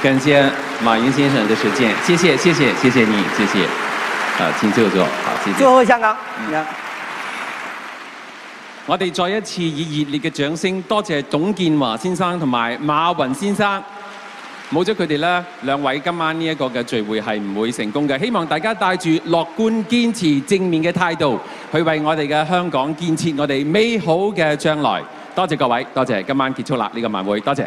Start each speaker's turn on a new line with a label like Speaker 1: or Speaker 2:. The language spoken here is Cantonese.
Speaker 1: 感謝馬雲先生的時間，謝謝謝謝謝謝你，謝謝，啊，請就坐，好，謝謝。最後香港，嗯 yeah. 我哋再一次以熱烈嘅掌聲多謝董建華先生同埋馬雲先生，冇咗佢哋咧，兩位今晚呢一個嘅聚會係唔會成功嘅。希望大家帶住樂觀、堅持、正面嘅態度，去為我哋嘅香港建設我哋美好嘅將來。多謝各位，多謝，今晚結束啦呢、這個晚會，多謝。